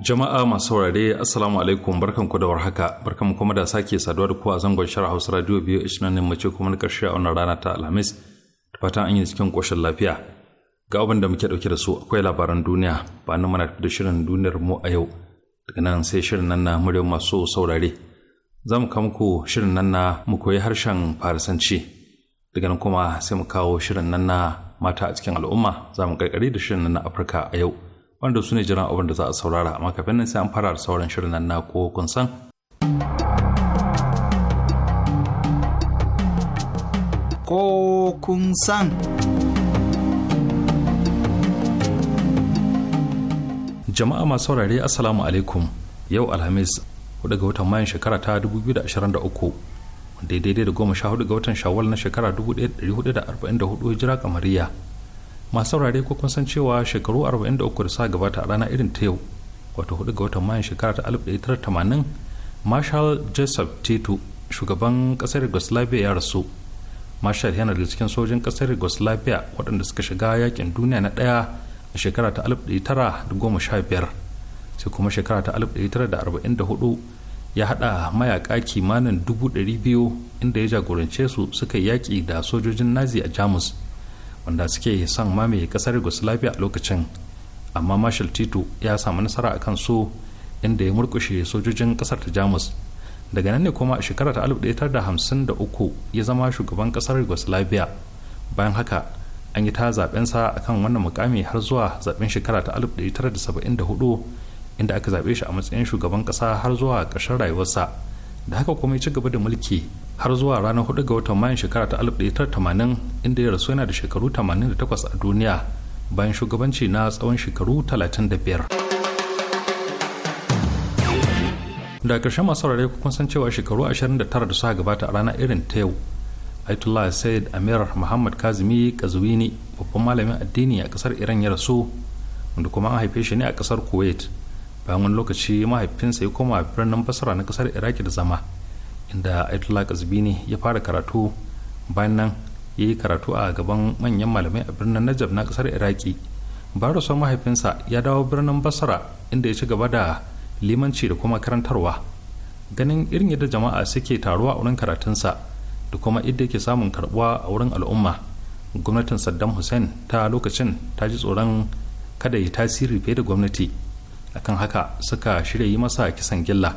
Jama'a masu saurare Assalamu alaikum barkan ku da warhaka barkan mu kuma da sake saduwa da ku a zangon shara Hausa Radio biyu ishirin ne mace kuma na karshe a wannan rana ta Alhamis da fatan an yi cikin koshin lafiya. Ga abin da muke ɗauke da su akwai labaran duniya ba nan muna da shirin duniyar mu a yau daga nan sai shirin nan na muryar masu saurare. Za mu kawo muku shirin nan na mu koyi harshen Farisanci daga nan kuma sai mu kawo shirin nan na mata a cikin al'umma za mu karkare da shirin nan na Afirka a yau. wanda su ne jiran abin da za a saurara amma kafin nan sai an fara sauran shirin nan na ko kun san. Ko kun san. Jama'a masu saurare Assalamu alaikum yau Alhamis hudu ga watan mayan shekara ta 2023 daidai da goma sha hudu ga watan shawal na shekara 1444 hijira kamariya masu saurare ko kun san cewa shekaru 43 da sa gabata a rana irin ta yau wato hudu ga watan mayan shekara ta 1980 marshal joseph tito shugaban kasar yugoslavia ya rasu marshal yana da cikin sojin kasar yugoslavia waɗanda suka shiga yakin duniya na ɗaya a shekara ta 1915 sai kuma shekara ta 1944 ya haɗa mayaƙa kimanin 200,000 inda ya jagorance su suka yaƙi da sojojin nazi a jamus wanda suke son mamaye kasar yugoslavia a lokacin amma marshal tito ya samu nasara a kan su inda ya murkushe sojojin kasar ta jamus daga nan ne kuma a shekara ta 1953 ya zama shugaban kasar yugoslavia bayan haka an yi ta zabensa a kan wannan mukami har zuwa zaben shekara ta 1974 inda aka zaɓe shi a matsayin shugaban ƙasa har zuwa ƙarshen rayuwarsa da haka kuma ya ci gaba da mulki har zuwa ranar 4 ga watan mayan shekara ta 1980 inda ya rasu yana da shekaru 88 a duniya bayan shugabanci na tsawon shekaru 35 da ƙarshen masu rarrai kun san cewa shekaru 29 da suka gabata a rana irin ta yau Aitullah Said Amir Muhammad Kazimi Kazwini babban malamin addini a kasar Iran ya rasu wanda kuma an haife shi ne a kasar Kuwait bayan wani lokaci mahaifinsa ya koma birnin Basra na kasar Iraki da zama inda aitullah kazbini ya fara karatu bayan nan ya yi karatu a gaban manyan malamai a birnin najab na kasar iraki barusa mahaifinsa ya dawo birnin basra inda ya ci gaba da limanci da kuma karantarwa ganin irin yadda jama'a suke taruwa a wurin karatunsa da kuma idda yake samun karbuwa a wurin al'umma gwamnatin saddam hussein ta lokacin ta ji tsoron kada ya tasiri fiye da gwamnati akan haka suka shirya yi masa kisan gilla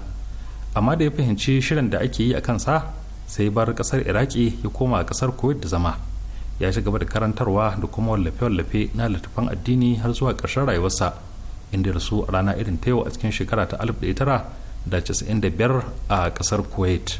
amma da ya fahimci shirin da ake yi a kansa sai bar kasar iraki ya koma kasar kuwait da zama ya ci gaba da karantarwa da kuma wallafe-wallafe na littattafan addini har zuwa ƙarshen rayuwarsa inda da su rana irin ta yau a cikin shekara ta 1995 a kasar kuwait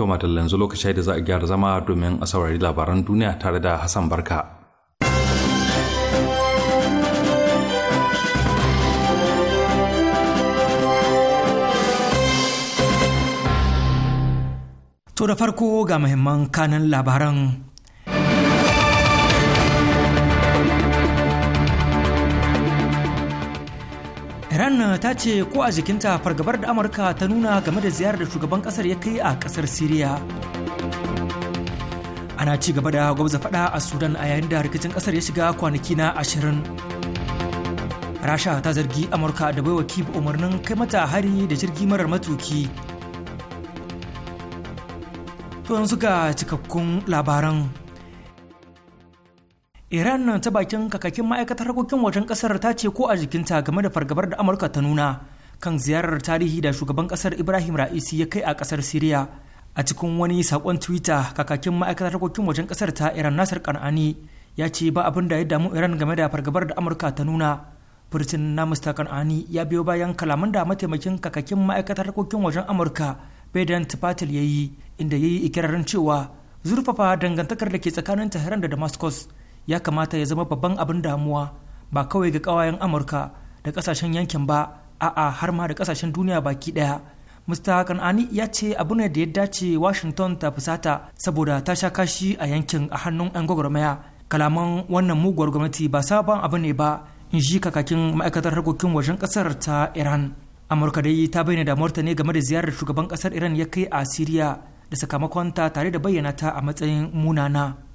Kyau matan yanzu lokaci da za a gyara zama domin a saurari labaran duniya tare da Hassan Barka. To da farko ga muhimman kanan labaran Iran eh, ta ce ko a jikinta fargabar da Amurka ta nuna game da ziyarar da shugaban kasar ya kai a kasar Siriya. Ana ci gaba da gwabza fada a Sudan a yayin da rikicin kasar ya shiga kwanaki na ashirin. Rasha ta zargi Amurka da baiwa Kib umarnin kai mata hari da jirgi marar matuki. To yanzu ga cikakkun labaran iran nan ta bakin kakakin ma'aikatar harkokin wajen kasar ta ce ko a jikinta game da fargabar da amurka ta nuna kan ziyarar tarihi da shugaban kasar ibrahim ra'isi ya kai a kasar siriya a cikin wani sakon twitter kakakin ma'aikatar harkokin wajen kasar ta iran nasir kan'ani ya ce ba abin da ya damu iran game da fargabar da amurka ta nuna furtin na mr kan'ani ya biyo bayan kalaman da mataimakin kakakin ma'aikatar harkokin wajen amurka bedant patel ya yi inda ya yi ikirarin cewa zurfafa dangantakar da ke tsakanin tehran da damascus ya kamata ya zama babban abin damuwa ba kawai ga ƙawayen amurka da ƙasashen yankin ba a'a har ma da kasashen duniya baki ɗaya mr kan'ani ya ce abu ne da ya dace washington ta fusata saboda ta sha kashi a yankin a hannun 'yan gwagwarmaya kalaman wannan muguwar gwamnati ba sabon abu ne ba in shi kakakin ma'aikatar harkokin wajen ƙasar ta iran amurka dai ta bayyana damuwarta ne game da ziyarar shugaban ƙasar iran ya kai a siriya da sakamakonta tare da bayyana ta a matsayin munana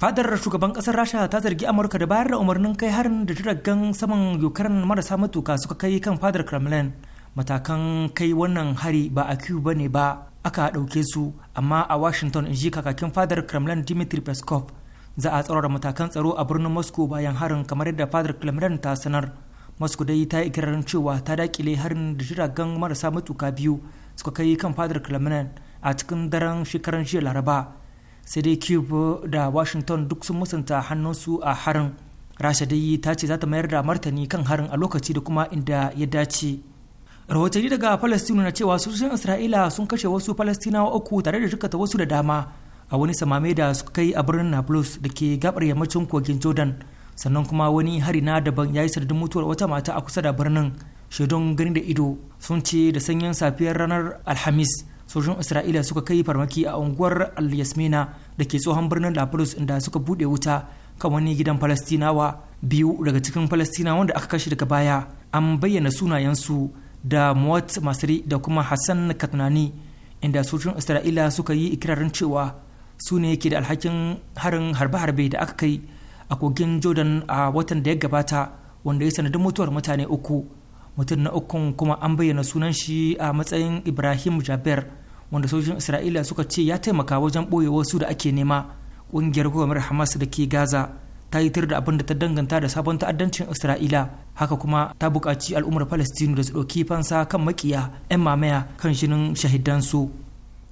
fadar shugaban kasar rasha ta zargi amurka da bayar da umarnin kai harin da jiragen saman yukarin marasa matuka suka kai kan fadar kremlin matakan kai wannan hari ba a cuba ne ba aka ɗauke su amma a washington in ji kakakin fadar kremlin dmitry peskov za a tsaro da matakan tsaro a birnin moscow bayan harin kamar yadda fadar kremlin ta sanar moscow dai ta yi ikirarin cewa ta dakile harin da jiragen marasa matuka biyu suka kai kan fadar kremlin a cikin daren shekaran jiya laraba sai dai da washington duk sun musanta hannunsu a harin rasha dai ta ce za ta mayar da martani kan harin a lokaci da kuma inda ya dace rahotanni daga palestina na cewa sojojin isra'ila sun kashe wasu palestinawa uku tare da dukkan wasu da dama a wani samame da suka kai a birnin nablus da ke gabar yammacin kogin jordan sannan kuma wani hari na daban ya yi sanadin mutuwar wata mata a kusa da birnin shaidun gani da ido sun ce da sanyin safiyar ranar alhamis sojojin isra'ila suka kai farmaki a unguwar al-yasmina da ke tsohon birnin labrus inda suka bude wuta kan wani gidan falastinawa biyu daga cikin falastinawa wanda aka kashe daga baya an bayyana sunayensu da muwat masri da kuma hassan katnani inda sojojin isra'ila suka yi ikirarin cewa su ne ke da alhakin harin harbe-harbe da aka kai a kogin jordan a watan da ya gabata wanda ya sanadin mutuwar mutane uku mutum na ukun kuma an bayyana sunan shi a matsayin ibrahim jaber wanda sojojin isra'ila suka ce ya taimaka wajen boye wasu da ake nema ƙungiyar gwamnatin hamas da ke gaza ta yi tir da abin da ta danganta da sabon ta'addancin isra'ila haka kuma ta buƙaci al'ummar palestine da su ɗauki fansa kan makiya 'yan mamaya kan shinin shahidansu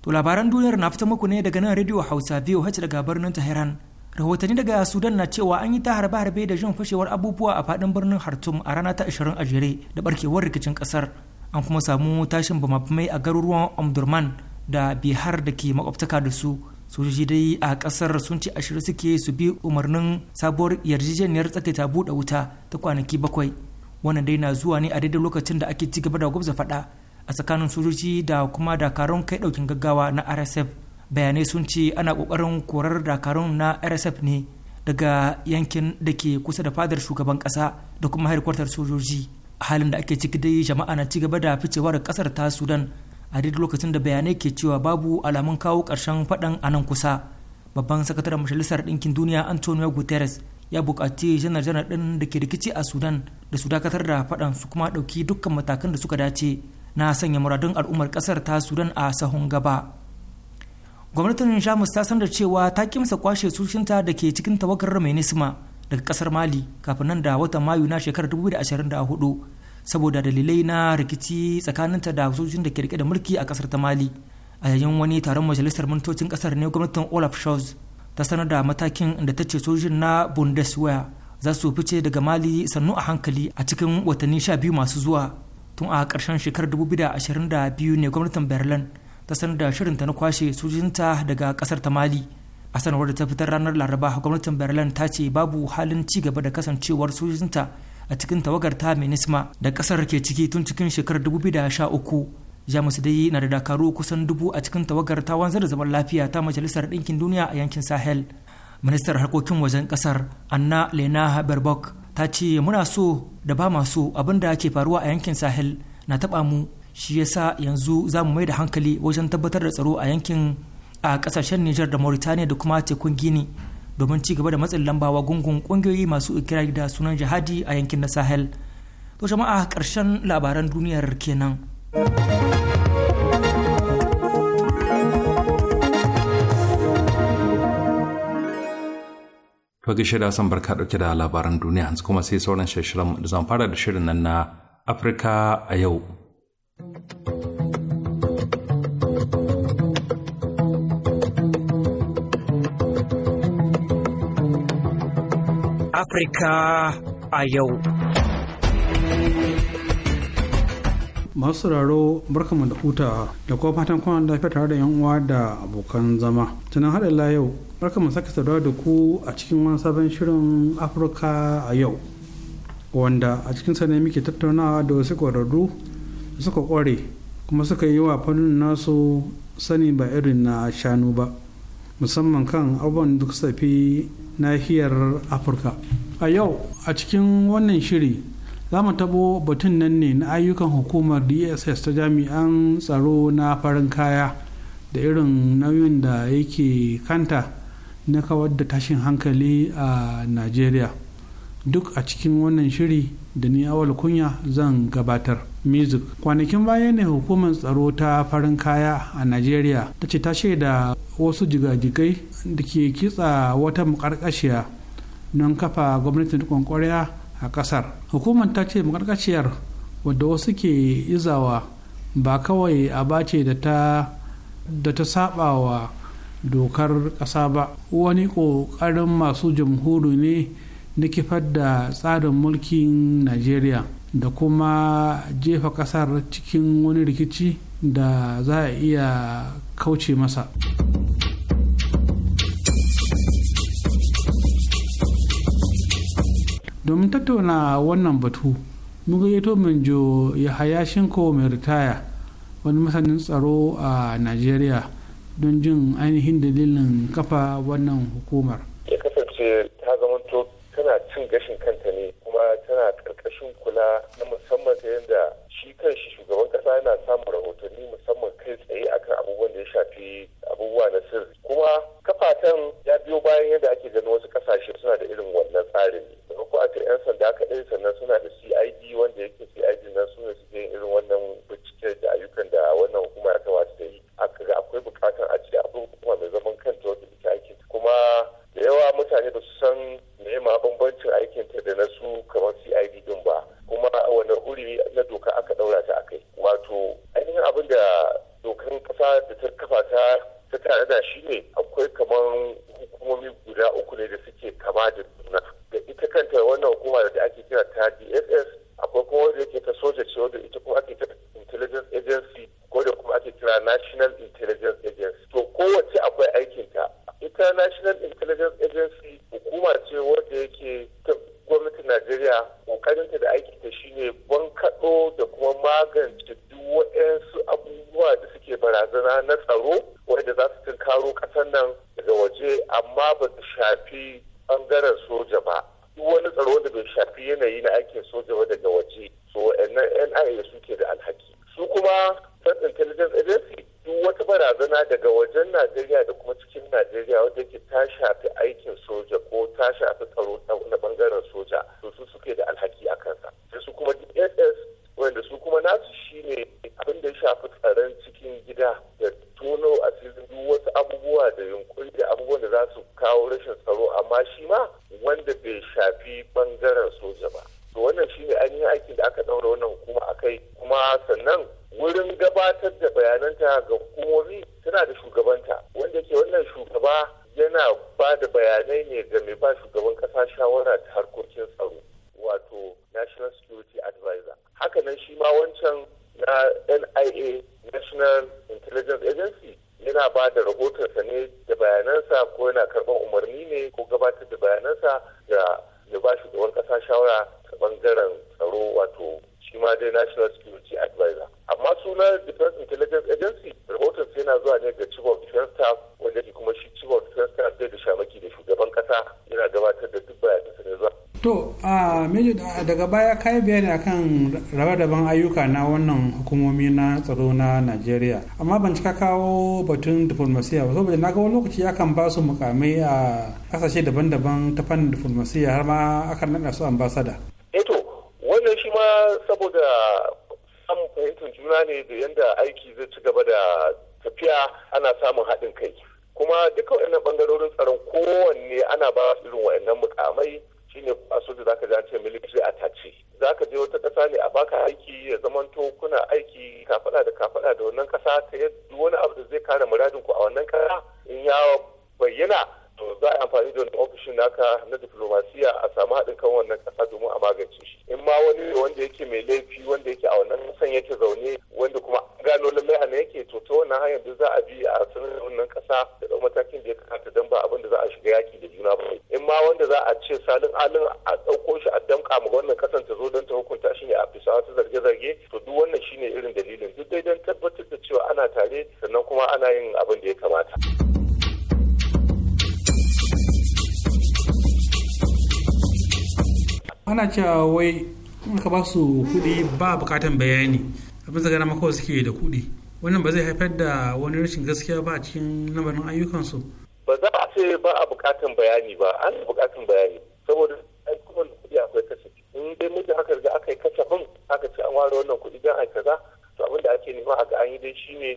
to labaran duniyar na fita muku ne daga nan rediyo hausa biyu hace daga birnin tehran rahotanni daga sudan na cewa an yi ta harbe-harbe da jin fashewar abubuwa a faɗin birnin hartum a rana ta 20 a jere da barkewar rikicin ƙasar an kuma samu tashin bamabamai a garuruwan omdurman da bihar da ke makwabtaka da su sojoji dai a kasar sun ce ashirin suke su bi umarnin sabuwar yarjejeniyar tsakaita buɗe wuta ta kwanaki bakwai wannan dai na zuwa ne a daidai lokacin da ake ci gaba da gwabza faɗa a tsakanin sojoji da kuma dakarun kai ɗaukin gaggawa na rsf bayanai sun ce ana ƙoƙarin korar dakarun na rsf ne daga yankin da ke kusa da fadar shugaban ƙasa da kuma harkwatar sojoji halin da ake ciki dai jama'a na ci gaba da ficewa da kasar ta sudan a daidai lokacin da bayanai ke cewa babu alamun kawo ƙarshen faɗan a nan kusa babban sakataren majalisar ɗinkin duniya antonio guterres ya buƙaci janar janar ɗin da ke rikici a sudan da su dakatar da faɗan su kuma ɗauki dukkan matakan da suka dace na sanya muradun al'ummar ƙasar ta sudan a sahun gaba gwamnatin jamus ta sanar cewa ta kimsa kwashe sushinta da ke cikin tawagar mai nisma daga kasar mali kafin nan da watan mayu na shekarar 2024 saboda dalilai na rikici tsakaninta da sojojin da ke rike da mulki a kasar ta mali a yayin wani taron majalisar mintocin kasar ne gwamnatin olaf scholz ta sanar da matakin da ta ce sojojin na bundeswehr za su fice daga mali sannu a hankali a cikin watanni sha biyu masu zuwa tun a karshen shekarar 2022 ne gwamnatin berlin ta sanar da shirinta na kwashe sojojinta daga kasar ta mali a sanarwar da ta fitar ranar laraba gwamnatin berlin ta ce babu halin ci gaba da kasancewar sojojinta a cikin tawagar ta minisma da kasar ke ciki tun cikin shekarar 2013 jamus dai na da dakaru kusan dubu a cikin tawagar ta wanzar da zaman lafiya ta majalisar ɗinkin duniya a yankin sahel ministar harkokin wajen kasar anna lena berbok ta ce muna so da ba ma so abin da ke faruwa a yankin sahel na taɓa mu shi yasa yanzu za mu mai da hankali wajen tabbatar da tsaro a yankin a kasashen Nijar da Mauritania da kuma tekun Gini domin ci gaba da matsin lambawa gungun kungiyoyi masu ikirari da sunan jihadi a yankin na Sahel. To jama'a ƙarshen labaran duniyar kenan. To gaishe san barka ɗauke da labaran duniya yanzu kuma sai sauran shirin da zan fara da shirin nan na Afirka a yau. Afirka a yau. Masu sauraro barkamu da huta. da kuma fatan kwanan lafiya tare da yan uwa da abokan zama. Tunan haɗin la Barka barkamu sake saduwa da ku a cikin wani sabon shirin Afirka a yau. Wanda a cikin sa muke tattaunawa da wasu ƙwararru da suka ƙware kuma suka yi wa fannin nasu sani ba irin na shanu ba musamman kan abubuwan da suka fi nahiyar afirka a yau a cikin wannan shiri za mu tabo batun nan ne na ayyukan hukumar dss ta jami'an tsaro na farin kaya da irin nauyin da yake kanta na kawar da tashin hankali a nigeria duk a cikin wannan shiri da ni awal kunya zan gabatar music kwanakin baya ne hukumar tsaro ta farin kaya a nigeria ta ce ta shaida wasu jigajigai da ke kitsa wata mukarkashiya don kafa gwamnatin rikon kwarya a kasar hukumar ta ce mukarkashiyar wadda wasu ke izawa ba kawai a bace da ta saba wa dokar kasa ba wani kokarin masu jamhuri ne na kifar da tsarin mulkin najeriya da kuma jefa ƙasar cikin wani rikici da za a iya kauce masa. domin tattauna wannan batu mun gayyato minjo yahaya shinko mai ritaya wani masanin tsaro a nigeria don jin ainihin dalilin kafa wannan hukumar ya kasance ta zamanto tana cin gashin kanta ne kuma tana karkashin kula na musamman ta yadda shi kan shi shugaban kasa yana samun rahotanni musamman kai tsaye akan abubuwan da ya shafi yana ba da bayanai ne ga mai ba shugaban kasa shawara ta harkokin tsaro wato national security advisor hakanan shi ma wancan na nia national intelligence agency yana ba da rahotonsa ne da bayanansa ko yana karɓar umarni ne ko gabatar da bayanansa ga mai ba shugaban kasa shawara ta bangaren tsaro wato shi dai national security advisor amma sunan defense intelligence agency rahoton sai yana zuwa ne ga chief of defense staff wanda ke kuma shi chief of defense staff zai da shamaki da shugaban kasa yana gabatar da duk bayanan sa ne zuwa to a meji daga baya ka yi bayani akan rabe daban ayyuka na wannan hukumomi na tsaro na najeriya amma ban cika kawo batun diplomasiya ba saboda na ga wani lokaci akan ba su mukamai a kasashe daban-daban ta fannin diplomasiya har ma akan naɗa su ambasada kuma saboda samun fahimtar juna ne da yadda aiki zai ci gaba da tafiya ana samun haɗin kai kuma duka waɗannan ɓangarorin tsaron kowanne ana ba irin waɗannan mukamai shine a soja zaka ji an ce military attache zaka je wata ƙasa ne a baka aiki ya zamanto kuna aiki kafaɗa da kafaɗa da wannan ƙasa ta yadda wani abu da zai kare muradin ku a wannan ƙasa in ya bayyana to za a yi amfani da ofishin naka na diplomasiya a samu haɗin kan wannan ƙasa domin a magance shi in ma wani wanda yake mai laifi wanda yake a wannan kasan yake zaune wanda kuma gano lallai a yake to ta wannan hanyar da za a bi a sanar wannan ƙasa da ɗau matakin da ya kamata don ba abin da za a shiga yaki da juna ba in ma wanda za a ce salin alin a ɗauko shi a damƙa ma wannan ƙasan ta zo don ta hukunta shi ne a bisa wata zarge-zarge to duk wannan shine irin dalilin duk dai don tabbatar da cewa ana tare sannan kuma ana yin abin da ya kamata. ana cewa wai ka ba su kuɗi ba bukatan bayani abin zagara maka suke da kuɗi wannan ba zai haifar da wani rashin gaskiya ba a cikin lamarin ayyukansu ba za a ce ba a bukatan bayani ba an bukatan bayani saboda ayyukan kuɗi akwai kashe in dai mutum aka riga aka yi hun aka ce an ware wannan kuɗi don ai kaza to abin da ake nema a ga an yi dai shine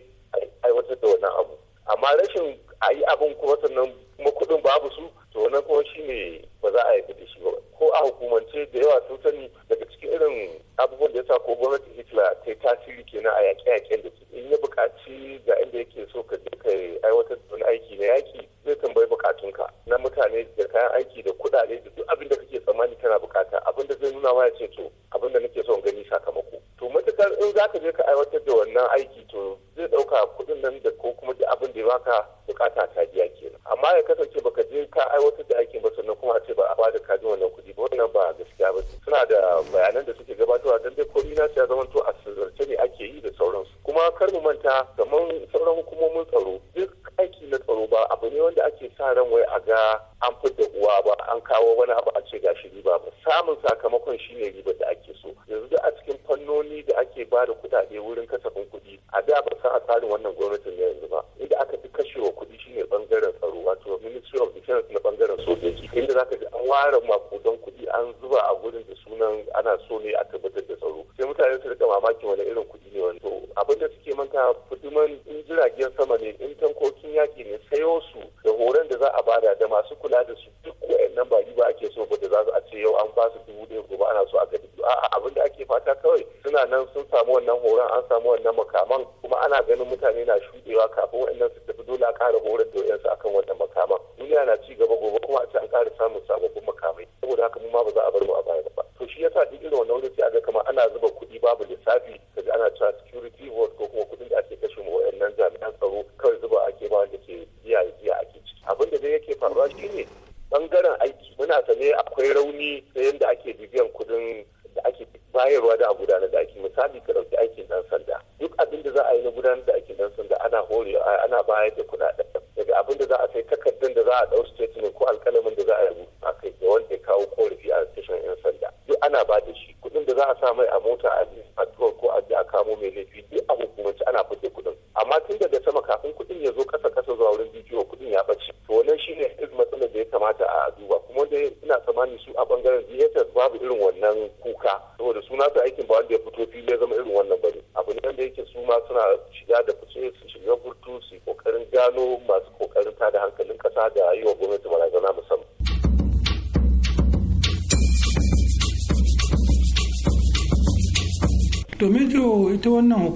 aiwatar da wannan abu amma rashin a yi abin kuma sannan kuma kuɗin babu su to wannan kuma shine ba za a yi da shi ba ko a hukumance da yawa sun sani daga cikin irin abubuwan da ya sa ko gwamnati hitler ta yi tasiri kenan a yaƙe-yaƙen da su in ya buƙaci ga inda yake so ka je ka aiwatar da wani aiki na yaƙi zai tambayi buƙatunka na mutane da kayan aiki da kuɗaɗe da duk abin da kake tsammani tana buƙata abin da zai nuna ma ya ce to abin da nake son gani sakamako to matukar in za ka je ka aiwatar da wannan aiki to zai ɗauka kuɗin nan da ko kuma da abin da ya baka buƙata ta biya kenan amma ya kasance baka je ka aiwatar da aikin ba sannan kuma a ce ce ba a bada kajin wannan kuɗi ba wannan ba gaskiya ba suna da bayanan da suke gabatarwa don dai kori na ya zama a sirrance ne ake yi da sauransu kuma kar mu manta kamar sauran hukumomin tsaro duk aiki na tsaro ba abu ne wanda ake sa ran wai a ga an fidda uwa ba an kawo wani abu a ce ga shi riba ba samun sakamakon shi ne ribar da ake so yanzu da a cikin fannoni da ake ba da kuɗaɗe wurin kasafin kuɗi a da ba san a tsarin wannan gwamnatin na yanzu ba inda aka fi kashewa kuɗi shine bangaren tsaro wato ministry of defense na bangaren sojoji inda zaka an ware makudan kuɗi an zuba a gurin da sunan ana so ne a tabbatar da tsaro sai mutane su rika mamakin wani irin kuɗi ne wani abin da suke manta fitiman in jiragen sama ne in tankokin yaki ne sayo su da horon da za a bada da masu kula da su duk waɗannan ba ba ake so ba da za su a ce yau an ba su dubu ɗaya gobe ana so a ga dubu a'a abin da ake fata kawai suna nan sun samu wannan horon an samu wannan makaman kuma ana ganin mutane na shuɗewa kafin waɗannan su tafi dole a ƙara horar da wa'yansu akan wannan makaman duniya na ci gaba gobe an ƙara samun sabon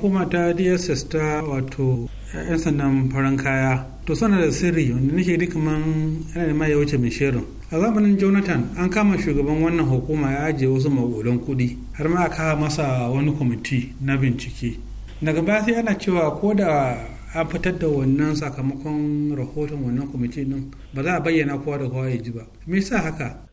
hukuma ta dss ta wato 'yan sandan farin kaya to sana da sirri wanda nake duk kaman yana da ya wuce mai shirin a zamanin jonathan an kama shugaban wannan hukuma ya ajiye wasu magudan kuɗi har ma a aka masa wani kwamiti na bincike daga baya sai ana cewa ko da an fitar da wannan sakamakon rahoton wannan kwamiti din ba za a bayyana kowa da kowa ya ji ba me yasa haka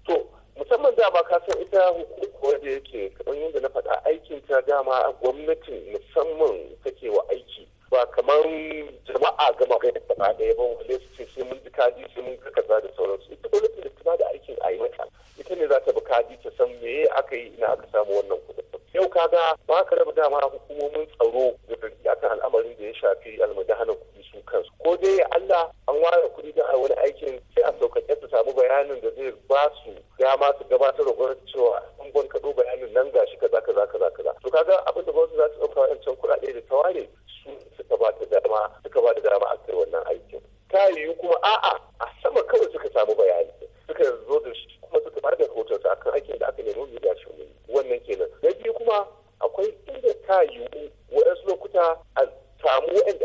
raba dama hukumomin tsaro da akan al'amarin da ya shafi almudahanar kuɗi su kansu ko dai Allah an ware kuɗi don a wani aikin sai a sauƙaƙe su samu bayanin da zai ba su dama su gabatar da gwamnati cewa an gwan kaɗo bayanin nan gashi kaza kaza kaza kaza to kaga abin da su za su ɗauka wa'ancan kuɗaɗe da ta ware su suka ba ta dama suka ba da dama a kai wannan aikin ta yiwu kuma a'a a sama kawai suka samu bayani Yeah.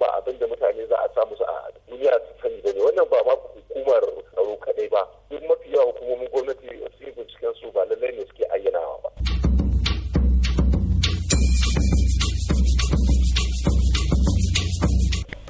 ba abin da mutane za a samu su a duniya su sani ba ne wannan ba ma hukumar tsaro kadai ba duk mafi yawa hukumomin gwamnati su yi binciken su ba lallai ne suke ayyanawa ba.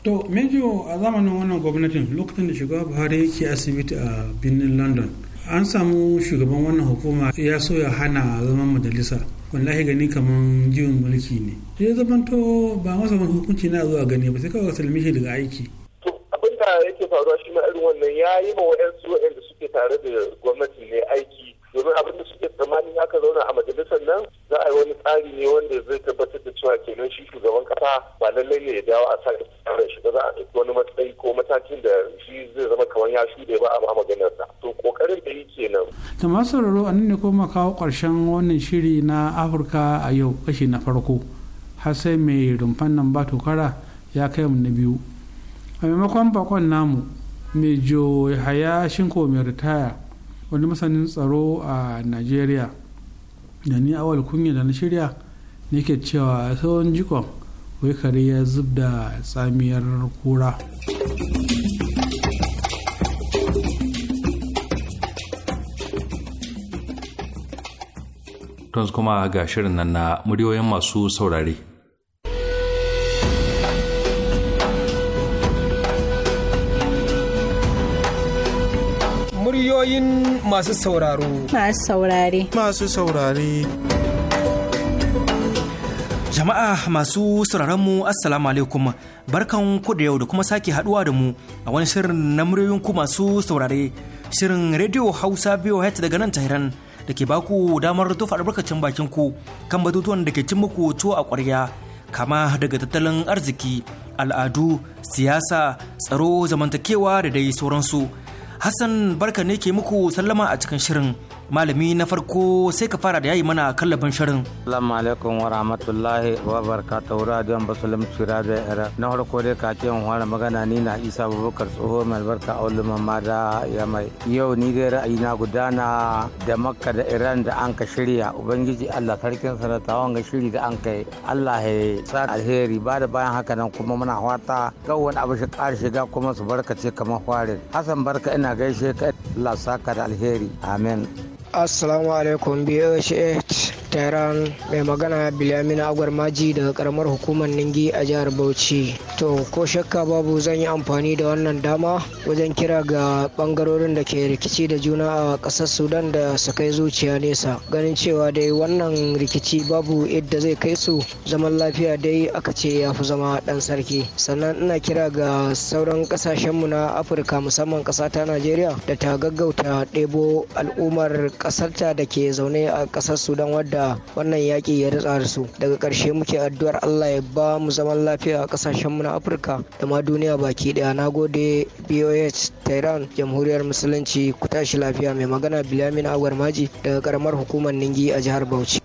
to mejo a zamanin wannan gwamnatin lokacin da shugaba buhari yake asibiti a birnin london an samu shugaban wannan hukuma ya so ya hana zaman majalisa wallahi gani kaman jiwon mulki ne ya to ba masa wani hukunci na zuwa gani ba sai kawai salmi shi daga aiki to abin da yake faruwa shi ma irin wannan ya yi ma wa'yansu suke tare da gwamnati ne aiki domin abin da suke tsammanin aka zauna a majalisar nan za a yi wani tsari ne wanda zai tabbatar da cewa kenan shi shugaban kasa ba lallai ne ya dawo a sa da shi ba za a wani matsayi ko matakin da shi zai zama kamar ya shuɗe ba a ma maganar kokarin da yake nan to masu sauraro ne kuma kawo ƙarshen wannan shiri na afirka a yau kashi na farko har sai mai rumfan nan ba tokara ya kai mu na biyu a maimakon bakon namu mai jo haya shinko mai ritaya wani masanin tsaro a nigeria da ni awal kunya da na shirya ne ke cewa tsawon jikon wai kare ya zub da tsamiyar kura. don kuma ga shirin nan na muryoyin masu saurare. Muryoyin masu sauraro. Masu saurare. Masu saurare. Jama'a masu sauraron mu Assalamu alaikum barkan ku da yau da kuma sake haduwa da mu a wani shirin na muryoyin ku masu saurare shirin Radio Hausa biyu daga nan Tehran da ke baku damar tofa albarkacin bakin ku kan batutuwan da ke cin muku tuwo a ƙwarya kama daga tattalin arziki al'adu siyasa tsaro zamantakewa da dai sauransu hassan barka ne ke muku sallama a cikin shirin malami na farko sai ka fara da yayi mana kallabin shirin assalamu alaikum wa rahmatullahi wa barakatuhu radiyon basulim radio era na farko dai ka ce fara magana ni na isa abubakar tsoho mai albarka a ulumar mada ya mai yau ni dai ra'ayi na gudana da makka da iran da an ka shirya ubangiji allah sarkin sanatawan ga shiri da an kai allah ya sa alheri ba da bayan haka nan kuma muna fata ga wani abu shi ƙara shiga kuma su barkace kamar farin hassan barka ina gaishe ka allah saka da alheri amen Assalamu alaikum BOH Tehran mai magana Bilamina Agwar Maji daga karamar hukumar Ningi a jihar Bauchi. To ko shakka babu zan yi amfani da wannan dama wajen kira ga bangarorin da ke rikici da juna a ƙasar Sudan da su kai zuciya nesa. Ganin cewa dai wannan rikici babu yadda zai kai su zaman lafiya dai aka ce ya fi zama ɗan sarki. Sannan ina kira ga sauran ƙasashenmu na Afirka musamman ƙasa ta Najeriya da ta gaggauta ɗebo al'ummar kasarta da ke zaune a kasar sudan wadda wannan yaki ya ritsa da su daga ƙarshe muke addu'ar allah ya ba mu zaman lafiya a kasashen mu na afirka da ma duniya baki ɗaya na gode boh tehran jamhuriyar musulunci ku tashi lafiya mai magana bilamin agwar maji daga karamar hukumar ningi a jihar bauchi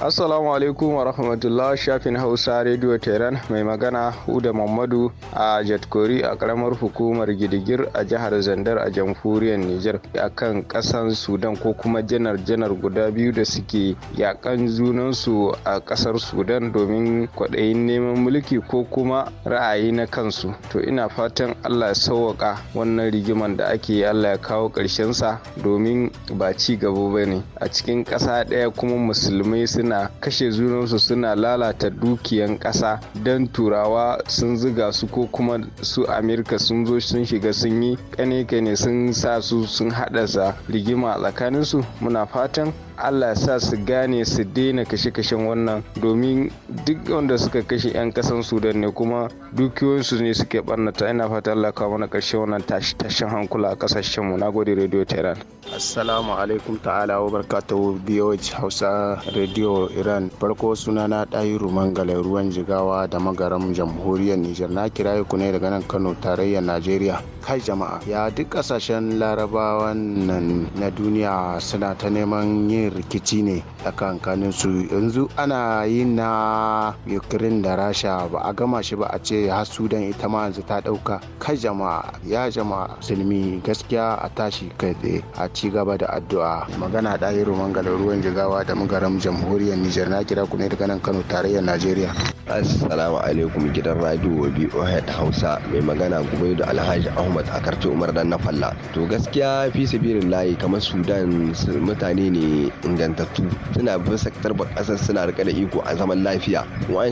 Assalamu alaikum wa rahmatullah shafin Hausa Radio Tehran mai magana Huda Muhammadu a Jatkori a karamar hukumar Gidigir a jihar Zandar a jamhuriyar Nijar a kan kasan Sudan ko kuma janar-janar guda biyu da suke yakan junansu a kasar Sudan domin kwaɗayin neman mulki ko kuma ra'ayi na kansu. To ina fatan Allah ya sauwaka wannan rigiman da ake Allah ya kawo ƙarshensa domin ba ci gaba ba ne. A cikin ƙasa ɗaya kuma musulmai sun suna kashe junansu suna lalata dukiyan kasa don turawa sun ziga su ko kuma su amerika sun zo sun shiga sun yi kane kane sun sa su sun haɗasa rigima tsakaninsu muna fatan Allah sa su gane su daina kashe-kashen wannan domin duk wanda suka kashe 'yan kasan Sudan ne kuma dukiyoyinsu ne suke barnata ina fata Allah kawo mana karshe wannan tashi tashin hankula a kasashen mu nagode radio Tehran Assalamu alaikum ta'ala wa barakatuhu BOH Hausa Radio Iran farko sunana Dahiru Mangala ruwan jigawa da magaram jamhuriyar Nijar na kiraye ku ne daga nan Kano tarayyar Najeriya kai jama'a ya duk kasashen larabawan nan na duniya suna ta neman yin rikici ne a kankanin su yanzu ana yi na ukraine da rasha ba a gama shi ba a ce har sudan ita ma yanzu ta dauka kai jama'a ya jama'a musulmi gaskiya a tashi kai tsaye a ci gaba da addu'a magana ɗahiru mangalar ruwan jigawa da mugaram jamhuriyar nijar na kira ku ne daga nan kano tarayyar najeriya assalamu alaikum gidan radio boh hausa mai magana da alhaji ahmad a karce umar dan na falla to gaskiya fi sabirin kamar sudan mutane ne ingantattu suna bin tarbar kasar suna rike da iko a zaman lafiya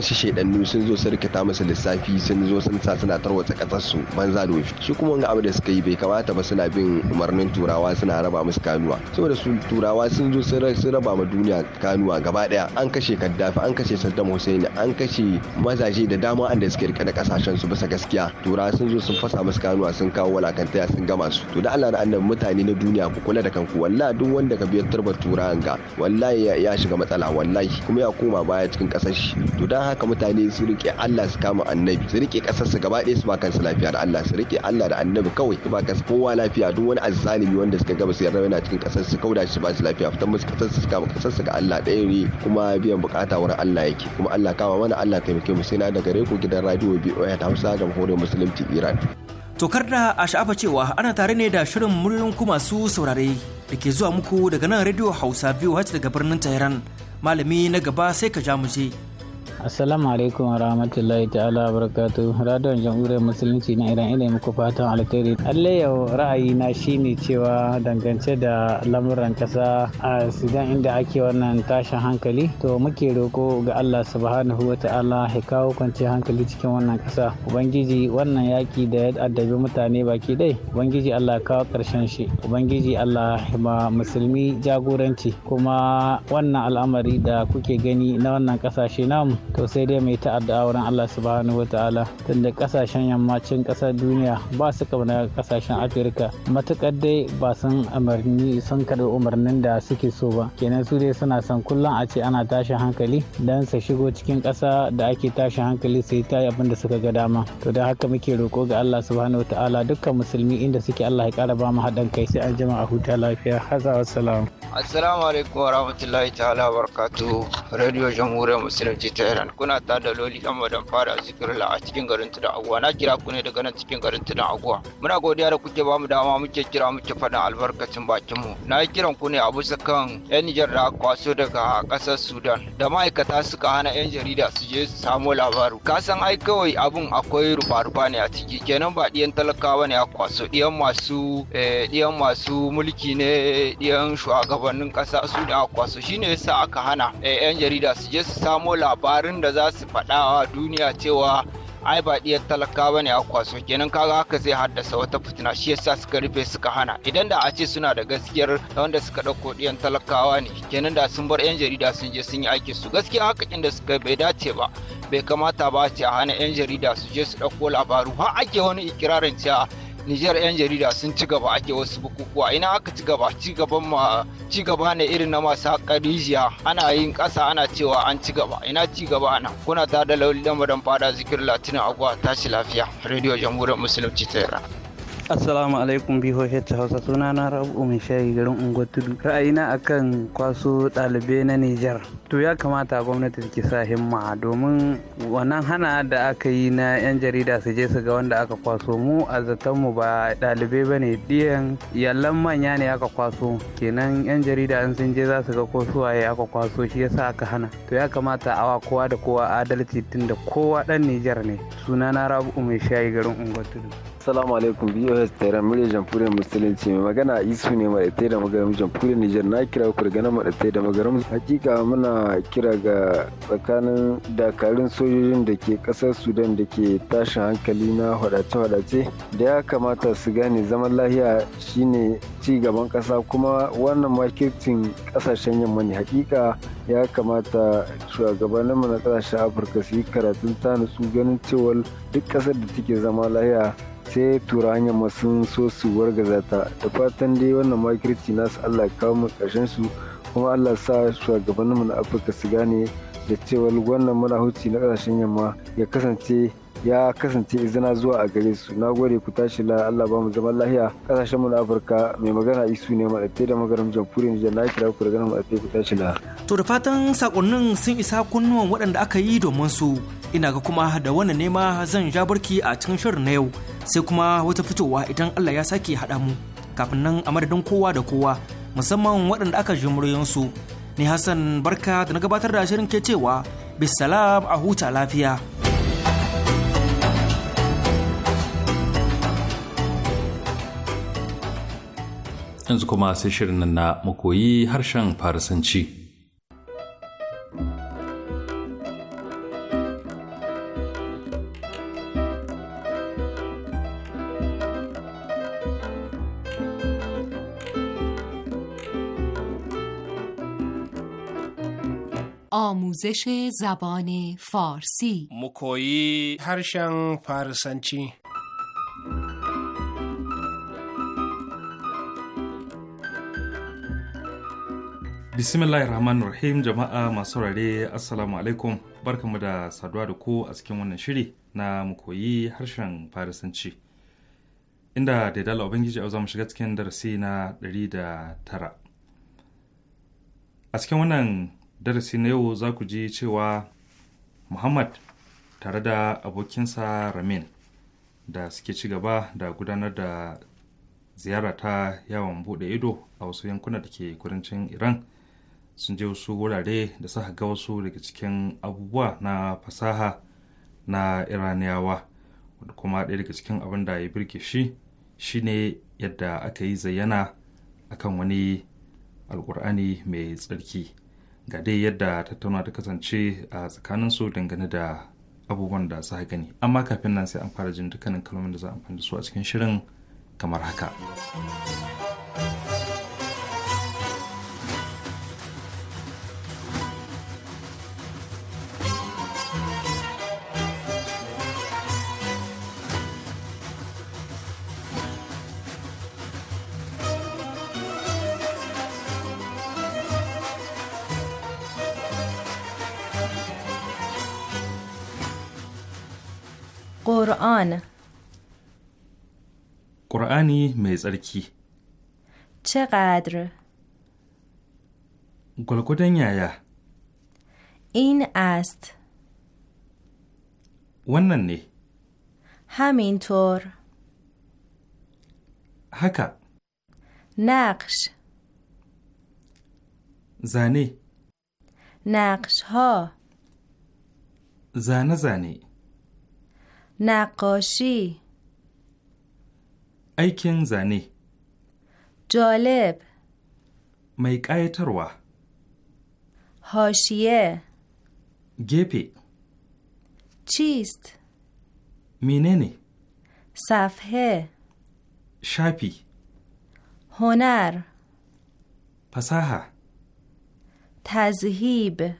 shi shaidannu sun zo sun rikita musu lissafi sun zo sun sa suna tarwatsa kasar su banza da wafi shi kuma wani abu da suka yi bai kamata ba suna bin umarnin turawa suna raba musu kanuwa saboda su turawa sun zo sun raba ma duniya kanuwa gaba daya an kashe kaddafi an kashe saddam hussein an kashe mazaje da dama an da suke rike da kasashen su bisa gaskiya turawa sun zo sun fasa musu kanuwa sun kawo walakantaya sun gama su to da Allah da annabi mutane na duniya ku kula da kanku wallahi duk wanda ka biyar tarbar turawa sana'an wallahi ya shiga matsala wallahi kuma ya koma baya cikin kasar shi to dan haka mutane su rike Allah su kama annabi su rike kasar su gaba ɗaya su ba kansu lafiya da Allah su rike Allah da annabi kawai su ba kansu kowa lafiya duk wani azzalimi wanda suka gaba su yarda yana cikin kasar su kauda shi ba su lafiya fitan musu kasar su kama kasar su ga Allah ɗaya ne kuma biyan bukata wurin Allah yake kuma Allah kama mana Allah taimake mu sai na da gare ku gidan radio oya ta Hausa jamhuriyar musulunci Iran Tokar da a sha'afa cewa ana tare ne da shirin muryoyin ku masu saurare da ke zuwa muku daga nan Radio Hausa biyu har daga birnin Tehran. Malami na gaba sai ka ja mu je. Assalamu alaikum wa rahmatullahi ta'ala wa barakatu. Radon Jamhuriyar Musulunci na Iran ina muku fatan alkhairi. Allai yau na shine cewa dangance da lamuran kasa a Sudan inda ake wannan tashin hankali to muke roko ga Allah subhanahu wa ta'ala ya kawo kwanci hankali cikin wannan kasa. Ubangiji wannan yaki da ya addabi mutane baki dai. Ubangiji Allah kawo karshen shi. Ubangiji Allah ma musulmi jagoranci kuma wannan al'amari da kuke gani na wannan kasashe namu to sai dai mai ta addu'a wurin Allah subhanahu wataala tunda kasashen yammacin kasar duniya ba su kauna kasashen Afirka matukar dai ba sun umarni sun kada umarnin da suke so ba kenan su dai suna son kullum a ce ana tashin hankali dan su shigo cikin kasa da ake tashin hankali sai ta abin da suka ga dama to da haka muke roko ga Allah subhanahu wataala dukkan musulmi inda suke Allah ya kara ba mu haɗin kai sai an jima a huta lafiya haza assalamu assalamu alaikum rahmatullahi ta'ala barakatuhu radio jamhuriyar musulunci ta Iran kuna ta da Loli dan madan fara la a cikin garin Tudun Aguwa na kira ku ne daga nan cikin garin Tudun Aguwa muna godiya da kuke bamu dama muke kira muke faɗin albarkacin bakin mu na kiran ku ne a bisa kan yan Nijar da kwaso daga ƙasar Sudan da ma'aikata suka hana yan jarida su je su samo labaru ka san ai kawai abun akwai rufa-rufa ne a ciki kenan ba ɗiyan talakawa ne a kwaso ɗiyan masu eh, ɗiyan masu mulki ne ɗiyan shugabannin ƙasa su da kwaso shine yasa aka hana eh, yan jarida su je su samo labarin abin da za su faɗa a duniya cewa ai ba diyar talakawa ne a kwaso kenan kaga haka zai haddasa wata fitina shi yasa suka rufe suka hana idan da a ce suna da gaskiyar wanda suka ɗauko diyan talakawa ne kenan da sun bar yan jarida sun je sun yi aikin su gaskiya haka inda suka bai dace ba bai kamata ba ce a hana yan jarida su je su ɗauko labaru har ake wani ikirarin cewa Nijar 'yan jarida sun ci gaba ake wasu bukukuwa ina aka ci gaba ci gaban ma ci gaba ne irin na masu rijiya ana yin kasa ana cewa an ci gaba ina ci gaba ana kuna ta da lauli dan fada zikir latina agwa tashi lafiya radio jamhuriyar musulunci ta Assalamu alaikum BOH Hausa suna na Rabu mai shayi garin Unguwar Tudu. Ra'ayina akan kwaso ɗalibe na Nijar. To ya kamata gwamnati ki sa himma domin wannan hana da aka yi na 'yan jarida su je su ga wanda aka kwaso mu a mu ba ɗalibai ba ne ɗiyan yallan manya ne aka kwaso kenan 'yan jarida in sun je za su ga ko suwaye aka kwaso shi yasa aka hana. To ya kamata awa kowa da kowa adalci tunda kowa ɗan Nijar ne. Suna na Rabu mai shayi garin Unguwar Tudu. Assalamu alaikum BOH Abbas Tairan murya jamhuriyar musulunci mai magana isu ne maɗaitai da magaram jamhuriyar Nijar na kira ku daga nan maɗaitai da magaram. Hakika muna kira ga tsakanin dakarun sojojin da ke ƙasar Sudan da ke tashin hankali na hwadace wadace da ya kamata su gane zaman lahiya shine ci gaban ƙasa kuma wannan makircin ƙasashen yamma ne hakika ya kamata shugabanninmu na ƙasashen Afirka su yi karatun ta nutsu ganin cewar duk ƙasar da take zama lahiya sai turawan yamma sun so su wargaza ta da fatan dai wannan makirci nasu allah kawo mu karshen su kuma allah sa shugabanninmu na afirka su gane da cewa wannan manahuci na kasashen yamma ya kasance ya kasance izina zuwa a gare su na gode ku tashi la Allah ba mu zama lahiya kasashenmu na Afirka mai magana isu ne maɗaɗe da magaram jamhuriyar Nijar na kira ku da ganin maɗaɗe ku tashi la. To da fatan sakonnin sun isa kunnuwan waɗanda aka yi domin su ina ga kuma da wani nema zan ja barki a cikin shirin na yau sai kuma wata fitowa idan Allah ya sake haɗa mu kafin nan a madadin kowa da kowa musamman waɗanda aka ji muryoyinsu ni Hassan barka da na gabatar da shirin ke cewa bisalam a huta lafiya. yanzu kuma sai shirin na makoyi harshen farisanci. آموزش زبان فارسی مکویی هرشن فارسنچی bismillahir rahmanir rahim jama'a masu saurare assalamu alaikum barkamu da saduwa da ku a cikin wannan shiri na mukoyi harshen farisanci inda da dala ubangiji yau za mu shiga cikin darasi na 109 a cikin wannan darasi na yau za ku ji cewa muhammad tare da abokinsa ramin da suke ci gaba da gudanar da ziyara ta yawon bude ido a wasu yankuna da ke kudancin iran sun je wasu wurare da suka ga wasu daga cikin abubuwa na fasaha na iraniyawa wadda kuma ɗaya daga cikin abin da ya birke shi shine yadda aka yi zayyana akan wani alkur'ani mai tsarki ga dai yadda tattauna ta kasance a tsakanin su dangane da abubuwan da za gani amma kafin nan sai an fara jin dukkanin kalmomin da za a amfani da su a cikin shirin kamar haka. آن قرآنی میزرکی چقدر؟ گلگودن یایا این است ونن نه همینطور هکا نقش زنی نقش ها زن زنی نقاشی aikin زنی، جالب mai ƙayatarwa هاشیه گپی، چیست میننی صفحه شاپی هنر پساها تزهیب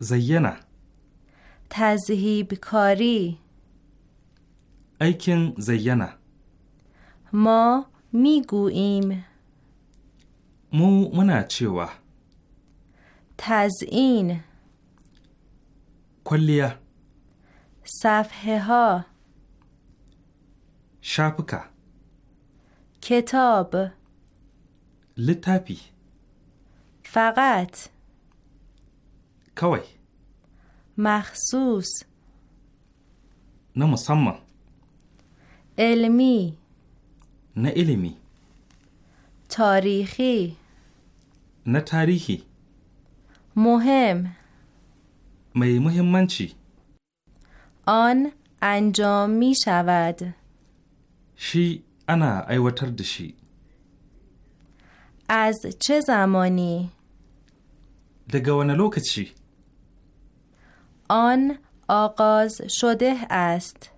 زینه تزهیب کاری ایکن زینه ما میگوییم مو منا چیوه تزئین کلیه صفحه ها شبکه کتاب لطفی فقط کوی مخصوص نه علمی نه علمی تاریخی نه تاریخی مهم می مهم من چی؟ آن انجام می شود شی انا ایوتر دشی از چه زمانی؟ دگوانه چی؟ آن آغاز شده است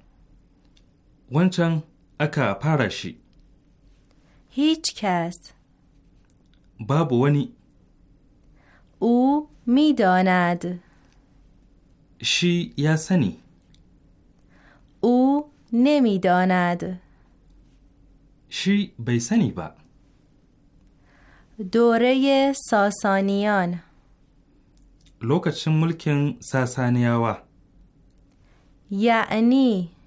wancan aka fara shi. Hitch Babu wani. U mi donad. Shi ya sani. U ne mi donad. Shi bai sani ba. Dore sasaniyan. Lokacin mulkin sasaniyawa. Ya'ani.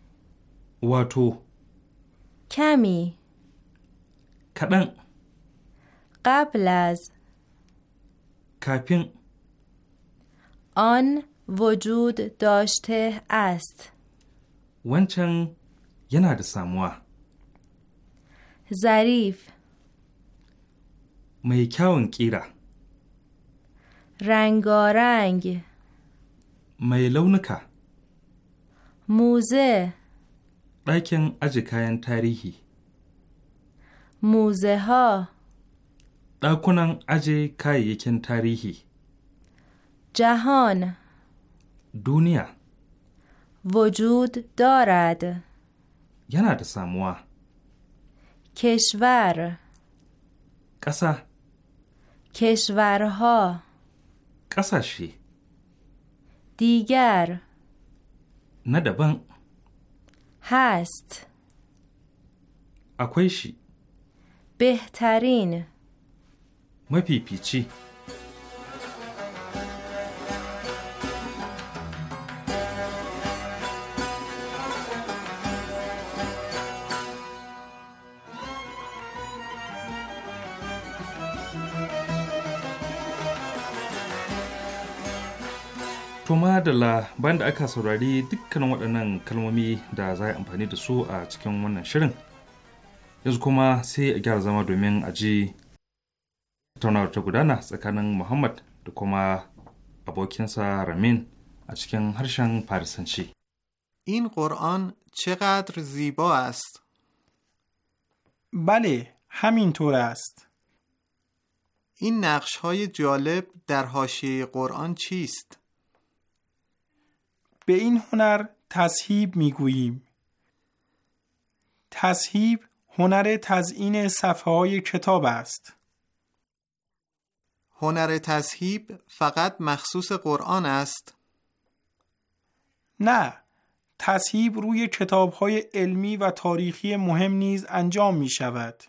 واتو کمی کبن قبل از کپن آن وجود داشته است وانچنگ یه ندستم ظریف زریف میکاونکیره رنگارنگ میلونکا موزه ɗakin aji kayan tarihi موزه ɗakunan aje kayayyakin tarihi jahan Duniya. vujud dorad. yana da samuwa کشور ƙasa کشورها ƙasashe Digar. na daban هست اکویشی بهترین مپی پیچی madalla bayan da aka saurari dukkanin waɗannan kalmomi da za a yi amfani da su a cikin wannan shirin yanzu kuma sai a gyara zama domin a ji tattaunawar ta gudana tsakanin muhammad da kuma abokinsa ramin a cikin harshen farisanci In قرآن چقدر زیبا است بله همینطور است این نقش های جالب در حاشیه قرآن چیست؟ به این هنر تصهیب میگوییم تصهیب هنر تزئین صفحه های کتاب است هنر تصهیب فقط مخصوص قرآن است نه تصهیب روی کتاب های علمی و تاریخی مهم نیز انجام می شود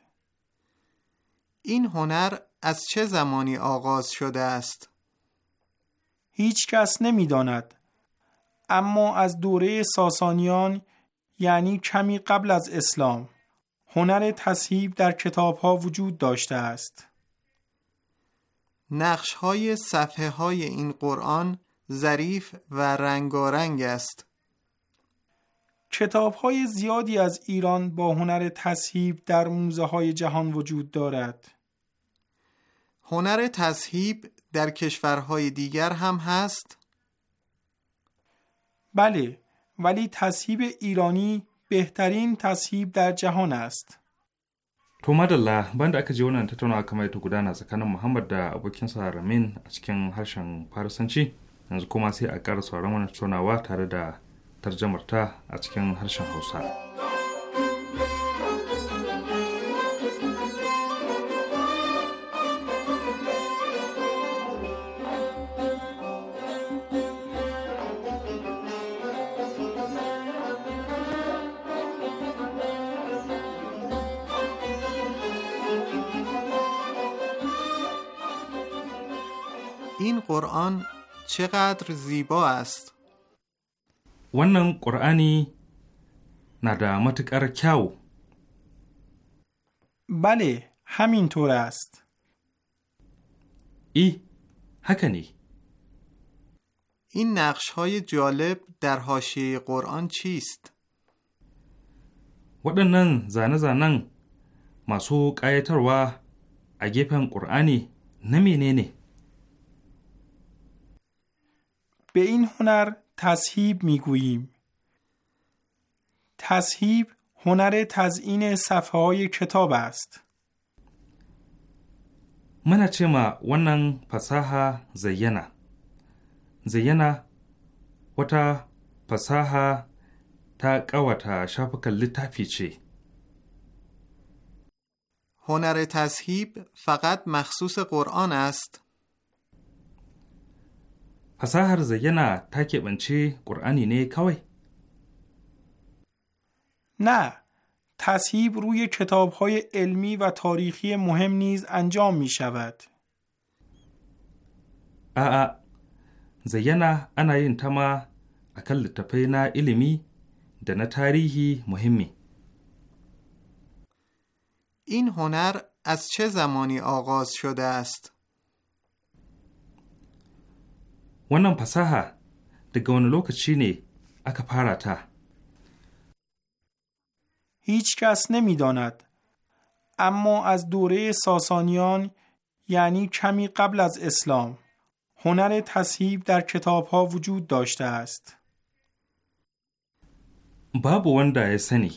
این هنر از چه زمانی آغاز شده است؟ هیچ کس نمی داند اما از دوره ساسانیان یعنی کمی قبل از اسلام هنر تصحیب در کتاب ها وجود داشته است. نقش های صفحه های این قرآن ظریف و رنگارنگ است. کتاب های زیادی از ایران با هنر تصحیب در موزه های جهان وجود دارد. هنر تصحیب در کشورهای دیگر هم هست؟ بله ولی تصهیب ایرانی بهترین تصهیب در جهان است To madalla banda aka je wannan tattaunawa kamar ita gudana tsakanin Muhammad da abokinsa Ramin a cikin harshen Farisanci yanzu kuma sai a ƙara sauran wannan tattaunawa tare da tarjamarta a cikin harshen Hausa. چقدر زیبا است wannan qur'ani na da matuƙar kyau hamin tura است ای هکنی این نقش های جالب در حاشیه قرآن چیست؟ waɗannan zane-zanen masu ƙayatarwa a gefen ƙur'ani na menene ne به این هنر تصهیب میگوییم تصهیب هنر تزئین صفحه های کتاب است muna ce wannan fasaha zayyana zayyana wata fasaha ta ƙawata shafukan littafi هنر تصهیب فقط مخصوص قرآن است؟ فساهر زینه تا کیبنچی قرآنی نه کوی نه تصهیب روی کتاب‌های علمی و تاریخی مهم نیز انجام می‌شود. آا زینه انا تما اکل لیتفه علمی د تاریخی تاریحی مهمی این هنر از چه زمانی آغاز شده است wannan fasaha daga wani lokaci ne aka fara ta هیچ کس نمی داند. اما از دوره ساسانیان یعنی کمی قبل از اسلام هنر تصحیب در کتاب ها وجود داشته است. باب وندا سنی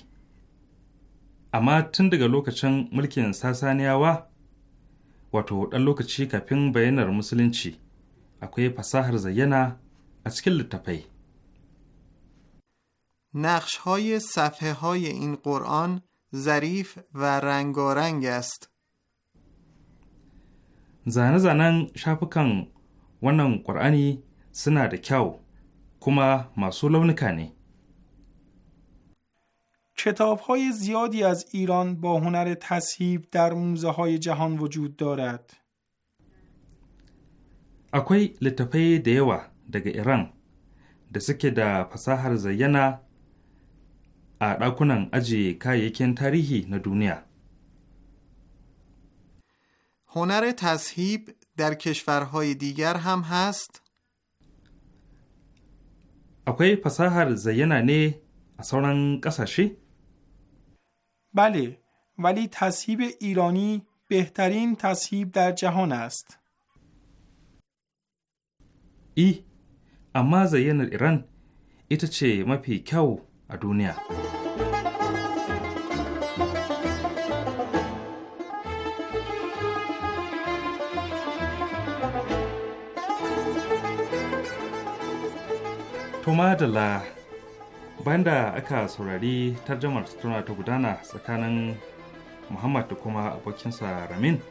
اما تن daga lokacin mulkin Sasaniyawa wato dan lokaci kafin bayyanar musulunci akwai fasahar zayyana a cikin littafai. نقش های صفحه های این قرآن ظریف و رنگارنگ است. زن زنن شاپکان ونن قرآنی سنار کاو کما kuma masu کتاب های زیادی از ایران با هنر تصحیب در موزه های جهان وجود دارد. akwai littafai da yawa daga iran da suke da fasahar zayyana a ɗakunan ajiye kayayyakin tarihi na duniya hnar tashib dar keshwarhay digar ham hast akwai fasahar zayyana ne a sauran ƙasashe bale wali tashib irani bhtarin tashib dar jahon ast amma e, amma zayyanar ita ita mafi mafi kyau duniya. duniya tumadala la bayan da aka saurari tarjamar tattauna ta gudana tsakanin Muhammad da kuma abokinsa Ramin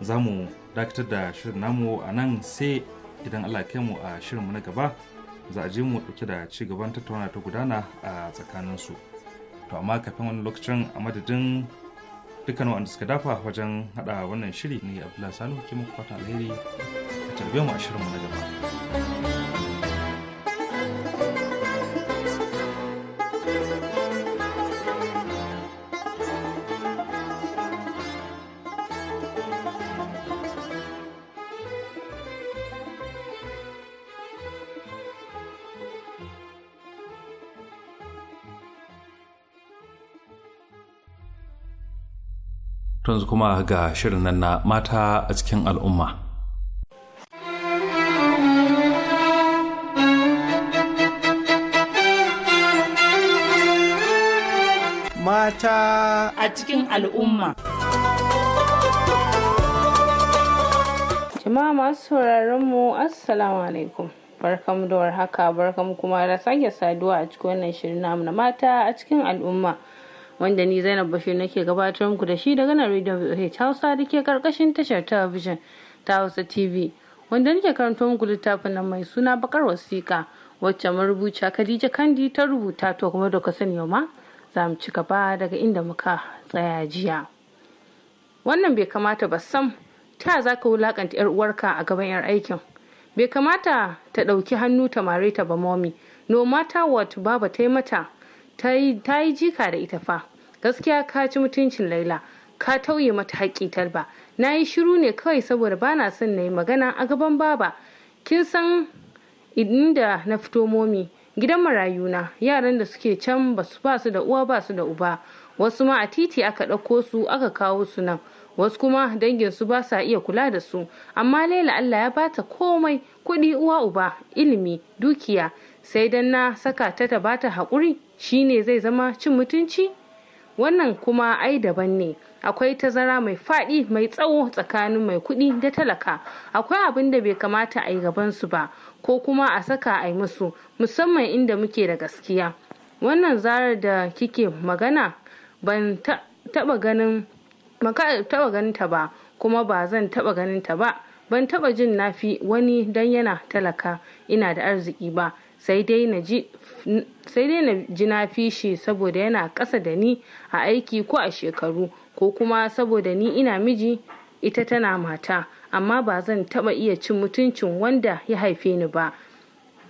za mu dakatar da shirin namu a nan sai idan allah kai mu a shirinmu na gaba za a je mu dauke da ci gaban tattauna ta gudana a tsakanin su to amma kafin wani lokacin a madadin dukkan wanda suka dafa wajen hada wannan shiri ne abdullahi sanu ke muku fata alheri a tarbe mu a shirinmu na gaba. kuma ga shirin nan na mata a cikin al'umma. Mata a cikin al'umma. Jama'a masu sauraron mu Assalamu alaikum. Barkamu da warhaka, barkamu kuma da sake saduwa a cikin wannan shirin namu na mata a cikin al'umma. wanda ni Zainab Bashir nake gabatar muku da shi daga nan Radio VOH Hausa da ke karkashin tashar talabijin ta Hausa TV wanda nake karanto muku littafin nan mai suna bakar wasiƙa wacce marubuciya Khadija Kandi ta rubuta to kuma da ka sani yau ma za mu ci gaba daga inda muka tsaya jiya. Wannan bai kamata ba sam ta za ka wulakanta 'yar uwarka a gaban 'yar aikin. Bai kamata ta ɗauki hannu ta mare ta ba momi, no matter what baba ta yi mata ta yi jika da ita fa gaskiya ka ci mutuncin laila ka tauye mata haƙƙi talba na yi shiru ne kawai saboda bana son na yi magana a gaban baba kin san inda na fito momi gidan marayuna yaran da suke can ba su ba su da uwa ba su da uba wasu ma a titi aka ɗauko su aka kawo su nan wasu kuma dangin su ba sa iya kula da su amma laila allah ya bata komai kuɗi uwa uba ilimi dukiya sai dan na saka ta ta bata haƙuri shine zai zama cin mutunci wannan kuma ai daban ne akwai tazara mai faɗi mai tsawo tsakanin mai kuɗi da talaka akwai abin da bai kamata a yi gabansu ba ko kuma a saka a yi musu musamman inda muke da gaskiya wannan zarar da kike magana ban taɓa ganin taba ganin ta ba kuma ba zan taɓa ganin ta ba ban taɓa jin nafi wani dan yana talaka ina da arziki ba sai dai na ji sai dai na ji na fi saboda yana ƙasa da ni a aiki ko a shekaru ko kuma saboda ni ina miji ita tana mata amma ba zan taɓa iya cin mutuncin wanda ya haife ni ba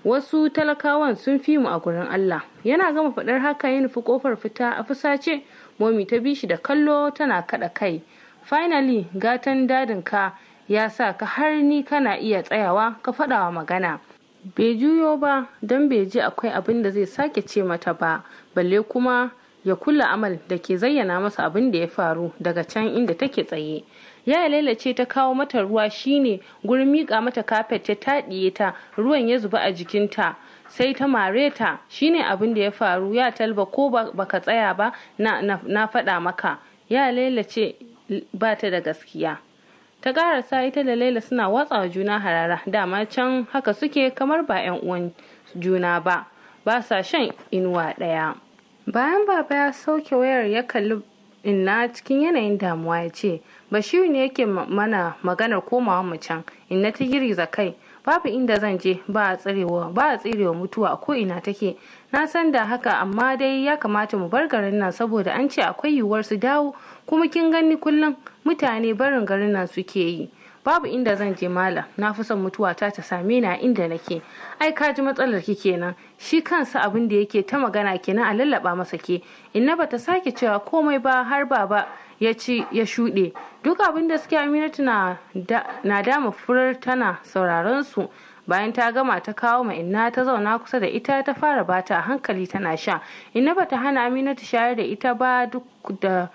wasu talakawan sun fi mu a gurin Allah yana gama faɗar haka ya nufi kofar fita a fusace momi ta bi shi da kallo tana kaɗa kai finally gatan dadin ka ya sa ka har ni kana iya tsayawa ka faɗawa magana bai juyo ba don bai ji akwai abin da zai sake ce mata ba balle kuma ya kula amal da ke zayyana masa abin da ya faru daga can inda take tsaye Ya lalace ta kawo mata ruwa shine gurin mika mata kafet ta taɗiye ta ruwan ya zuba a jikinta sai ta mare ta shine abin da ya faru ya talba ko baka tsaya ba na, faɗa maka ya lalace ba ta da gaskiya ta karasa ita da laila suna watsawa juna harara dama can haka suke kamar ba 'yan uwan juna ba ba sa shan inuwa ɗaya bayan baba ya sauke wayar ya kalli inna cikin yanayin damuwa ya ce bashiru ne yake mana maganar komawa mu can inna ta girgiza kai babu inda zan je ba a tsirewa ba a tsirewa mutuwa ko ina take na san da haka amma dai ya kamata mu bar garin nan saboda an ce akwai yiwuwar su dawo kuma kin gani kullum mutane barin garin nan suke yi babu inda zan je mala na fi son mutuwa ta ta same ni a inda nake ai ka ji matsalar ki kenan shi kansa abin da yake ta magana kenan a lallaba masa ke inna ta sake cewa komai ba har baba ya ci ya shuɗe duk abin da suke aminatu na na dama furar tana sauraron su bayan ta gama ta kawo ma inna ta zauna kusa da ita ta fara bata a hankali tana sha inna ba ta hana aminatu shayar da ita ba duk da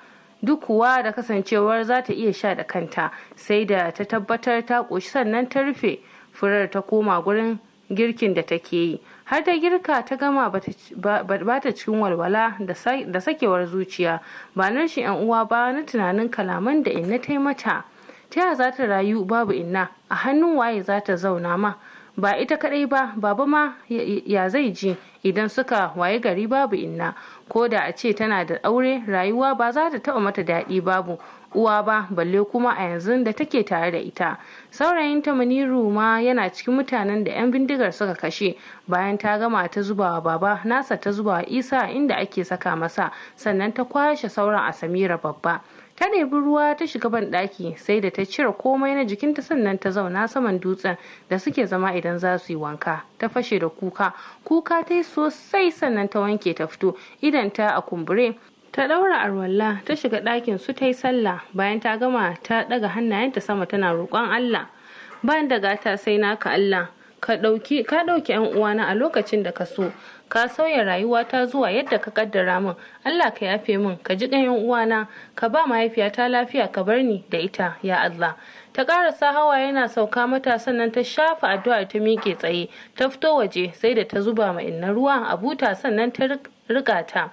duk kuwa da kasancewar za ta iya sha da kanta sai da ta tabbatar ta ƙoshi sannan ta rufe furar ta koma gurin girkin da take yi har ta girka ta gama ba ta cikin walwala da sakewar zuciya ba nan shi yan uwa ba na tunanin kalaman da inna ta mata ta ya za ta rayu babu inna a hannun waye za ta zauna ma ba ita kadai ba baba ma ya zai ji idan suka waye gari babu inna ko da a ce tana da aure rayuwa ba za ta taɓa mata daɗi babu uwa ba balle kuma a yanzu da take tare da ita saurayin ta maniru ma yana cikin mutanen da 'yan bindigar suka kashe bayan ta gama ta zubawa baba nasa ta zubawa isa inda ake saka masa sannan ta kwashe sauran a samira babba ta nemi ruwa ta shiga banɗaki sai da ta cire komai na jikinta sannan ta zauna saman dutsen da suke zama idan za su yi wanka ta fashe da kuka kuka ta yi sosai sannan ta wanke ta fito idan ta a kumbure ta ɗaura arwalla ta shiga ɗakin su ta yi sallah bayan ta gama ta ɗaga hannayenta sama tana roƙon allah bayan da gata sai naka allah ka ɗauki ka ɗauki yan uwana a lokacin da ka so ka sauya rayuwata zuwa yadda ka kaddara min Allah ka yafe min ka ji ɗayan uwana ka ba mahaifiyata lafiya ka bar ni da ita ya Allah ta karasa hawa yana sauka mata sannan ta shafa addu'ar ta miƙe tsaye ta fito waje sai da ta zuba ma inna ruwa a buta sannan ta rika ta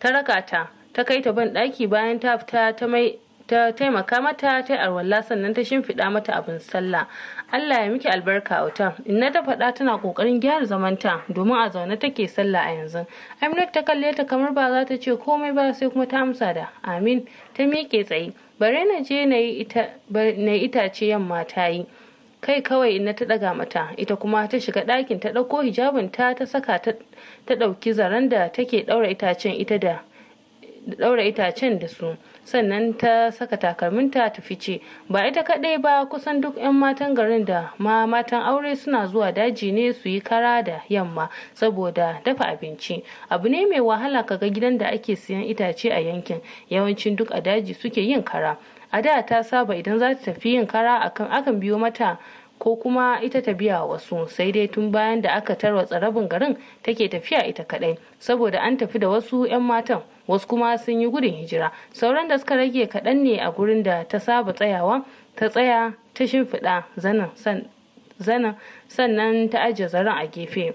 ta raka ta ta kai ta ban ɗaki bayan ta fita ta mai ta taimaka mata ta yi arwalla sannan ta shimfiɗa mata abin sallah Allah ya miki albarka wuta. in na ta faɗa tana ƙoƙarin gyara zamanta domin a zaune take sallah a yanzu Aminat ta kalle ta kamar ba za ta ce komai ba sai kuma ta amsa da amin ta miƙe tsaye bare na je na yi itace yamma ta yi kai kawai na ta ɗaga mata ita kuma ta shiga ɗakin ta ɗauko hijabin ta ta saka ta ɗauki zaren da take ɗaura itacen ita da ɗaura itacen da su sannan ta saka takalminta ta fice ba ita kaɗai ba kusan duk 'yan matan garin da ma matan aure suna zuwa daji ne su yi kara da yamma saboda dafa abinci abu ne mai wahala kaga gidan da ake siyan itace a yankin yawancin duk a daji suke yin kara a da ta saba idan za ta tafi yin kara akan akan biyo mata ko kuma ita ta biya wasu sai dai tun bayan da aka tarwatsa rabin garin take tafiya ita kadai saboda an tafi da wasu 'yan matan wasu kuma sun yi gudun hijira sauran da suka rage kaɗan ne a gurin da ta saba tsayawa ta tsaya ta shimfiɗa zana sannan ta ajiye zaren a gefe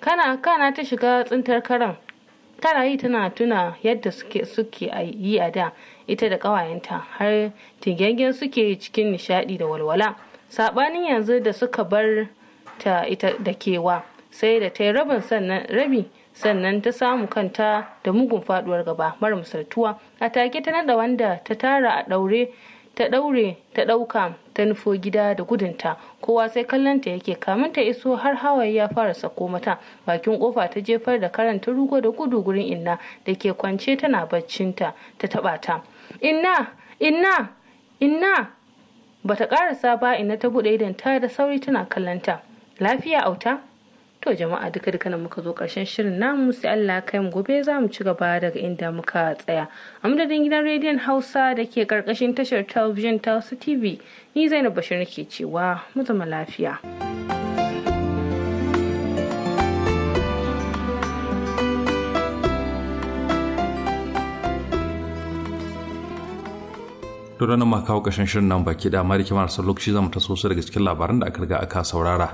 kana kana ta shiga tsintar karan tana yi tana tuna yadda suke yi a da ita da ƙawayenta har tigengen suke cikin nishadi da walwala saɓanin yanzu da suka bar ta ita da kewa sai da ta yi rabin sannan rabi sannan ta samu kanta da mugun faduwar gaba mara misaltuwa a take ta nada wanda ta tara a daure ta daure ta dauka ta nufo gida da gudunta kowa sai kallonta yake kamun ta iso har hawaye ya fara sako mata bakin kofa ta jefar da karanta rugo da gudu gurin inna da ke kwance tana baccinta ta taba ta inna inna inna bata karasa ba inna ta bude idan ta da sauri tana kallonta lafiya auta to jama'a duka duka nan muka zo karshen shirin namu sai Allah kai mu gobe za mu ci gaba daga inda muka tsaya a madadin gidan rediyon Hausa da ke karkashin tashar talabijin ta Hausa TV ni Zainab Bashir nake cewa mu zama lafiya. Turanin ranar kawo kashin shirin nan baki da amma da lokaci zama ta su daga cikin labaran da aka riga aka saurara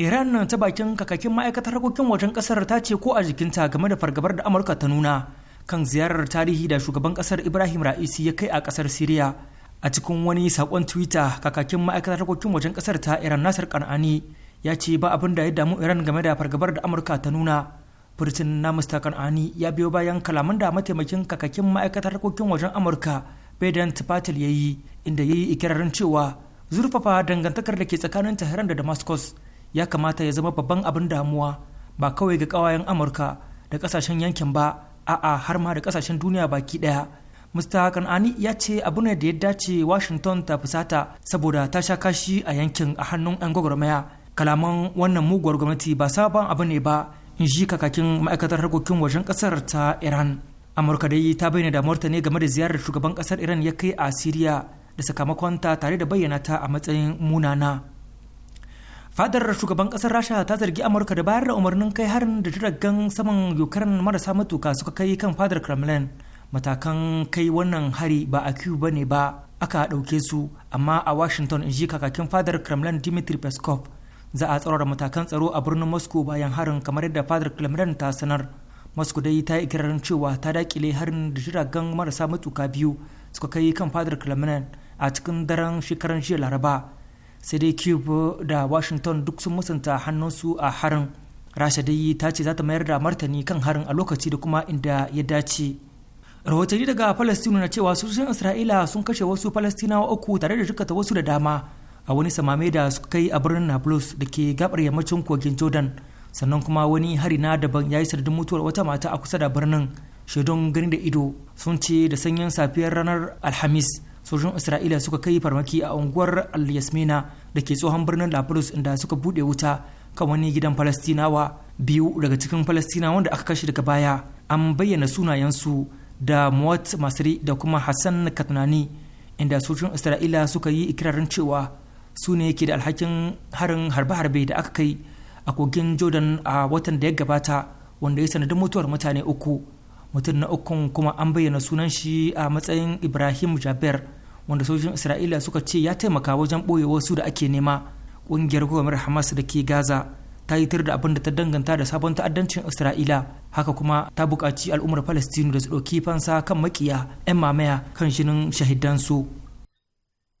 iran nan ta bakin kakakin ma'aikatar harkokin wajen kasar ta ce ko a jikinta game da fargabar da amurka ta nuna kan ziyarar tarihi da shugaban kasar ibrahim ra'isi ya kai a kasar siriya a cikin wani sakon twitter kakakin ma'aikatar harkokin wajen kasar ta iran nasir kan'ani ya ce ba abin da ya damu iran game da fargabar da amurka ta nuna furtin na Mr. kan'ani ya biyo bayan kalaman da mataimakin kakakin ma'aikatar harkokin wajen amurka bedant patel ya yi inda ya yi ikirarin cewa zurfafa dangantakar da ke tsakanin tehran da damascus ya kamata ya zama babban abin damuwa ba kawai ga ƙawayen amurka da ƙasashen yankin ba a'a har ma da ƙasashen duniya baki ɗaya mr kan'ani ya ce abu ne da ya dace washington ta fusata saboda ta sha kashi a yankin a hannun 'yan gwagwarmaya kalaman wannan muguwar gwamnati ba sabon abu ne ba in ji kakakin ma'aikatar harkokin wajen kasar ta iran amurka dai ta bayyana damuwar ta ne game da ziyarar shugaban ƙasar iran ya kai a siriya da sakamakonta tare da bayyana ta a matsayin munana fadar shugaban kasar rasha ta zargi amurka da bayar da umarnin kai harin da jiragen saman ukraine marasa matuka suka kai kan fadar kremlin matakan kai wannan hari ba a ba ne ba aka ɗauke su amma a washington inji kakakin fadar kremlin dmitry peskov za a tsaro da matakan tsaro a birnin moscow bayan harin kamar yadda fadar kremlin ta sanar moscow dai ta yi ikirarin cewa ta dakile harin da jiragen marasa matuka biyu suka kai kan fadar kremlin a cikin daren shekaran jiya laraba sai dai kiev da washington duk sun musanta hannunsu a harin rasha dai ta ce za ta mayar da martani kan harin a lokaci da kuma inda ya dace rahotanni daga palestina na cewa sojojin isra'ila sun kashe wasu palestinawa uku tare da rikata wasu da dama a wani samame da suka kai a birnin nablus da ke gabar yammacin kogin jordan sannan kuma wani hari na daban ya yi sanadin mutuwar wata mata a kusa da birnin shaidun gani da ido sun ce da sanyin safiyar ranar alhamis sojojin isra'ila suka kai farmaki a unguwar al-yasmina da ke tsohon birnin lapulus inda suka bude wuta kan wani gidan falastinawa biyu daga cikin palestina wanda aka kashe daga baya an bayyana sunayensu da muwat masri da kuma hassan katnani inda sojojin isra'ila suka yi ikirarin cewa su ne ke da alhakin harin harbe-harbe da aka kai a kogin jordan a watan da ya gabata wanda ya sanadin mutuwar mutane uku mutum na ukun kuma an bayyana sunan shi a matsayin ibrahim jaber wanda sojojin isra'ila suka ce ya taimaka wajen ɓoye wasu da ake nema ƙungiyar gwamnatin hamas da ke gaza ta yi tir da abin da ta danganta da sabon ta'addancin isra'ila haka kuma ta buƙaci al'ummar palestinu da su ɗauki fansa kan makiya 'yan mamaya kan shinin shahidansu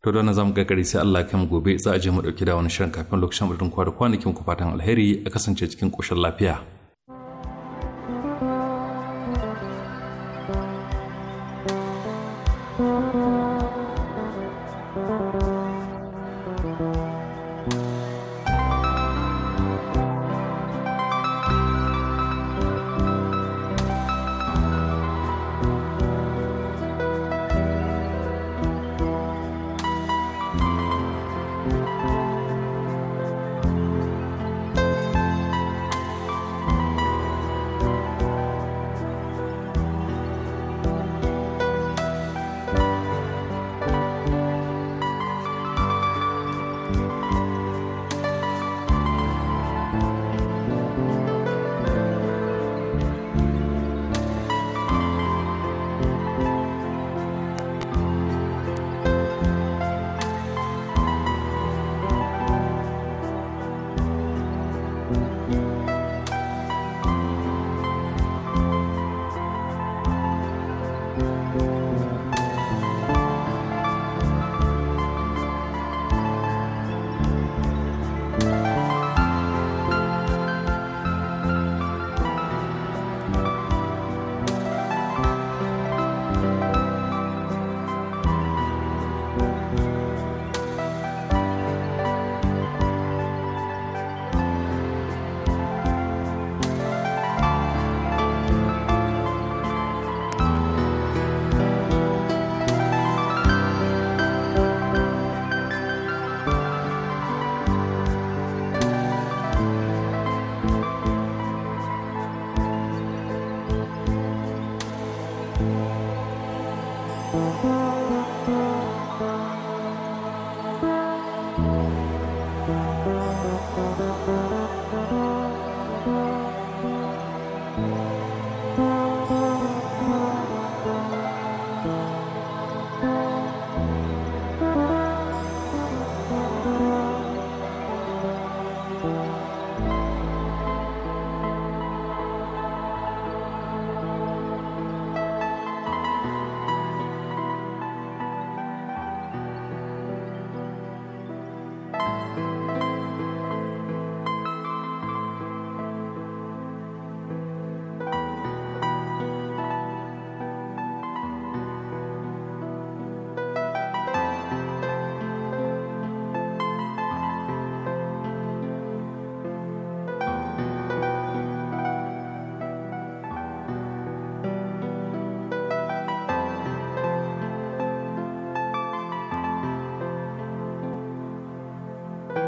to da na zamu gari sai Allah kan gobe za a je mu dauki da wani shirin kafin lokacin mutum kwa da kwanakin ku fatan alheri a kasance cikin koshin lafiya